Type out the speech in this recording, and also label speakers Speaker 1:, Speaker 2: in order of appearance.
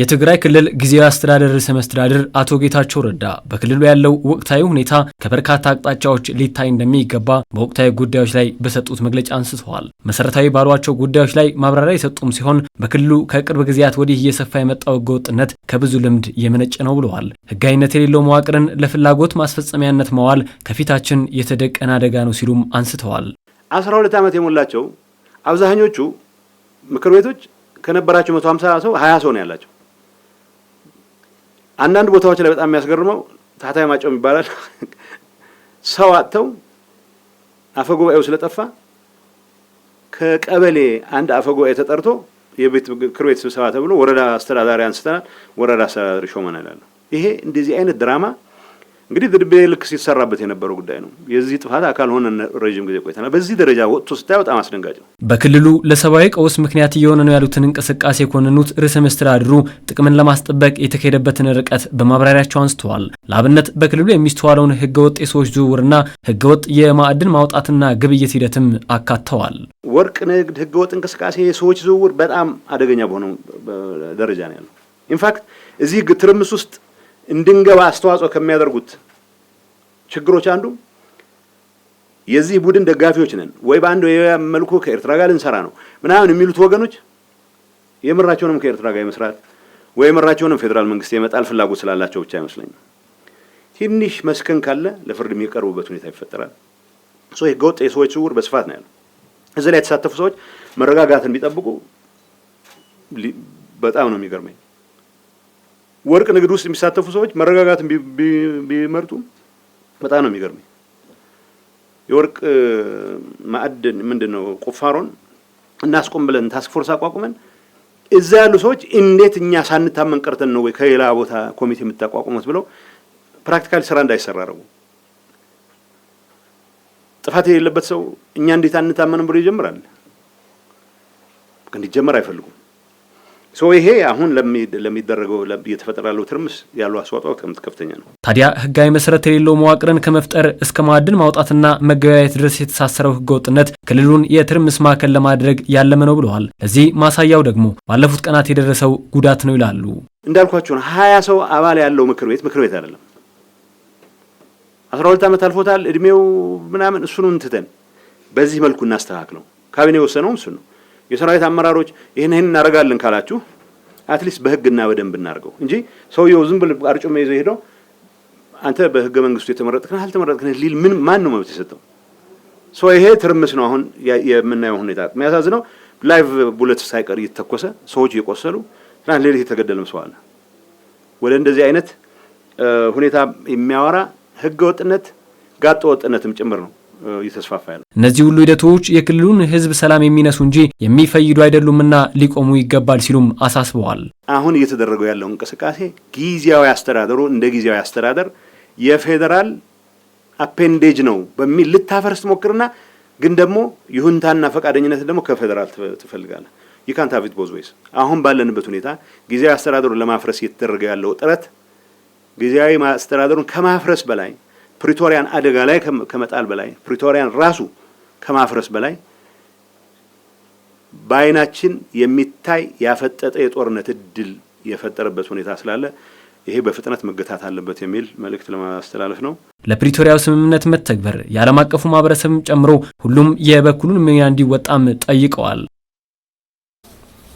Speaker 1: የትግራይ ክልል ጊዜያዊ አስተዳደር ርዕሰ መስተዳድር አቶ ጌታቸው ረዳ በክልሉ ያለው ወቅታዊ ሁኔታ ከበርካታ አቅጣጫዎች ሊታይ እንደሚገባ በወቅታዊ ጉዳዮች ላይ በሰጡት መግለጫ አንስተዋል። መሰረታዊ ባሏቸው ጉዳዮች ላይ ማብራሪያ የሰጡም ሲሆን በክልሉ ከቅርብ ጊዜያት ወዲህ እየሰፋ የመጣው ህገወጥነት ከብዙ ልምድ የመነጨ ነው ብለዋል። ህጋዊነት የሌለው መዋቅርን ለፍላጎት ማስፈጸሚያነት መዋል ከፊታችን የተደቀነ አደጋ ነው ሲሉም አንስተዋል።
Speaker 2: አስራ ሁለት ዓመት የሞላቸው አብዛኞቹ ምክር ቤቶች ከነበራቸው መቶ ሀምሳ ሰው ሀያ ሰው ነው ያላቸው አንዳንድ ቦታዎች ላይ በጣም የሚያስገርመው ታታይ ማጮም ይባላል። ሰው አጥተው አፈጉባኤው ስለጠፋ ከቀበሌ አንድ አፈጉባኤ ተጠርቶ የቤት ምክር ቤት ስብሰባ ተብሎ ወረዳ አስተዳዳሪ አንስተናል፣ ወረዳ አስተዳዳሪ ሾመናል። ይሄ እንደዚህ አይነት ድራማ እንግዲህ ድርቤ ልክ ሲሰራበት የነበረው ጉዳይ ነው። የዚህ ጥፋት አካል ሆነ ረዥም ጊዜ ቆይተናል። በዚህ ደረጃ ወጥቶ ስታይ በጣም አስደንጋጭ ነው።
Speaker 1: በክልሉ ለሰብአዊ ቀውስ ምክንያት እየሆነ ነው ያሉትን እንቅስቃሴ የኮንኑት ርዕሰ መስተዳድሩ ጥቅምን ለማስጠበቅ የተካሄደበትን ርቀት በማብራሪያቸው አንስተዋል። ለአብነት በክልሉ የሚስተዋለውን ህገወጥ የሰዎች ዝውውርና ህገወጥ የማዕድን ማውጣትና ግብይት ሂደትም አካተዋል።
Speaker 2: ወርቅ ንግድ፣ ህገወጥ እንቅስቃሴ፣ የሰዎች ዝውውር በጣም አደገኛ በሆነ ደረጃ ነው ያለው። ኢንፋክት እዚህ ትርምስ ውስጥ እንድንገባ አስተዋጽኦ ከሚያደርጉት ችግሮች አንዱ የዚህ ቡድን ደጋፊዎች ነን ወይ በአንድ መልኩ ከኤርትራ ጋር ልንሰራ ነው ምናምን የሚሉት ወገኖች የምራቸውንም ከኤርትራ ጋር የመስራት ወይ የምራቸውንም ፌዴራል መንግስት የመጣል ፍላጎት ስላላቸው ብቻ አይመስለኝም። ትንሽ መስከን ካለ ለፍርድ የሚቀርቡበት ሁኔታ ይፈጠራል። ህገወጥ የሰዎች ዝውውር በስፋት ነው ያለው። እዚህ ላይ የተሳተፉ ሰዎች መረጋጋትን ቢጠብቁ በጣም ነው የሚገርመኝ። ወርቅ ንግድ ውስጥ የሚሳተፉ ሰዎች መረጋጋትን ቢመርጡ በጣም ነው የሚገርመኝ። የወርቅ ማዕድን ምንድን ነው ቁፋሮን እናስቆም ብለን ታስክ ፎርስ አቋቁመን እዛ ያሉ ሰዎች እንዴት እኛ ሳንታመን ቀርተን ነው ወይ ከሌላ ቦታ ኮሚቴ የምታቋቁሙት ብለው ፕራክቲካሊ ስራ እንዳይሰራ አደረጉ። ጥፋት የሌለበት ሰው እኛ እንዴት አንታመንም ብሎ ይጀምራል። እንዲጀመር አይፈልጉም። ይሄ አሁን ለሚደረገው እየተፈጠረ ያለው ትርምስ ያለው ከምት ከፍተኛ ነው።
Speaker 1: ታዲያ ህጋዊ መሰረት የሌለው መዋቅርን ከመፍጠር እስከ ማዕድን ማውጣትና መገበያየት ድረስ የተሳሰረው ህገ ወጥነት ክልሉን የትርምስ ማዕከል ለማድረግ ያለመ ነው ብለዋል። ለዚህ ማሳያው ደግሞ ባለፉት ቀናት የደረሰው ጉዳት ነው ይላሉ።
Speaker 2: ነው። ሀያ ሰው አባል ያለው ምክር ቤት ምክር ቤት አይደለም። አስራ ሁለት ዓመት አልፎታል እድሜው ምናምን እሱን እንትተን በዚህ መልኩ እናስተካክለው ካቢኔ የወሰነውም እሱን ነው የሰራዊት አመራሮች ይህን ይህን እናደርጋለን ካላችሁ አትሊስት በህግና በደንብ እናደርገው እንጂ ሰውየው ዝም ብል አርጮ ይዞ ሄደው አንተ በህገ መንግስቱ አልተመረጥክ ነህ ሊል ምን ማን ነው መብት የሰጠው? ሰው ይሄ ትርምስ ነው አሁን የምናየው ሁኔታ። የሚያሳዝነው ላይቭ ቡለት ሳይቀር እየተተኮሰ ሰዎች እየቆሰሉ ትናንት ሌሊት የተገደለም ሰው አለ። ወደ እንደዚህ አይነት ሁኔታ የሚያወራ ህገ ወጥነት ጋጠ ወጥነትም ጭምር ነው። እየተስፋፋ ያለ።
Speaker 1: እነዚህ ሁሉ ሂደቶች የክልሉን ህዝብ ሰላም የሚነሱ እንጂ የሚፈይዱ አይደሉምና ሊቆሙ ይገባል ሲሉም አሳስበዋል።
Speaker 2: አሁን እየተደረገው ያለው እንቅስቃሴ ጊዜያዊ አስተዳደሩ እንደ ጊዜያዊ አስተዳደር የፌዴራል አፔንዴጅ ነው በሚል ልታፈርስ ሞክርና ግን ደግሞ ይሁንታና ፈቃደኝነት ደግሞ ከፌዴራል ትፈልጋለ። ይካንታቪት ሀቭ ቦዝ አሁን ባለንበት ሁኔታ ጊዜያዊ አስተዳደሩን ለማፍረስ እየተደረገ ያለው ጥረት ጊዜያዊ አስተዳደሩን ከማፍረስ በላይ ፕሪቶሪያን አደጋ ላይ ከመጣል በላይ ፕሪቶሪያን ራሱ ከማፍረስ በላይ በአይናችን የሚታይ ያፈጠጠ የጦርነት እድል የፈጠረበት ሁኔታ ስላለ ይሄ በፍጥነት መገታት አለበት የሚል መልእክት ለማስተላለፍ ነው።
Speaker 1: ለፕሪቶሪያው ስምምነት መተግበር የዓለም አቀፉ ማህበረሰብም ጨምሮ ሁሉም የበኩሉን ሚና እንዲወጣም ጠይቀዋል።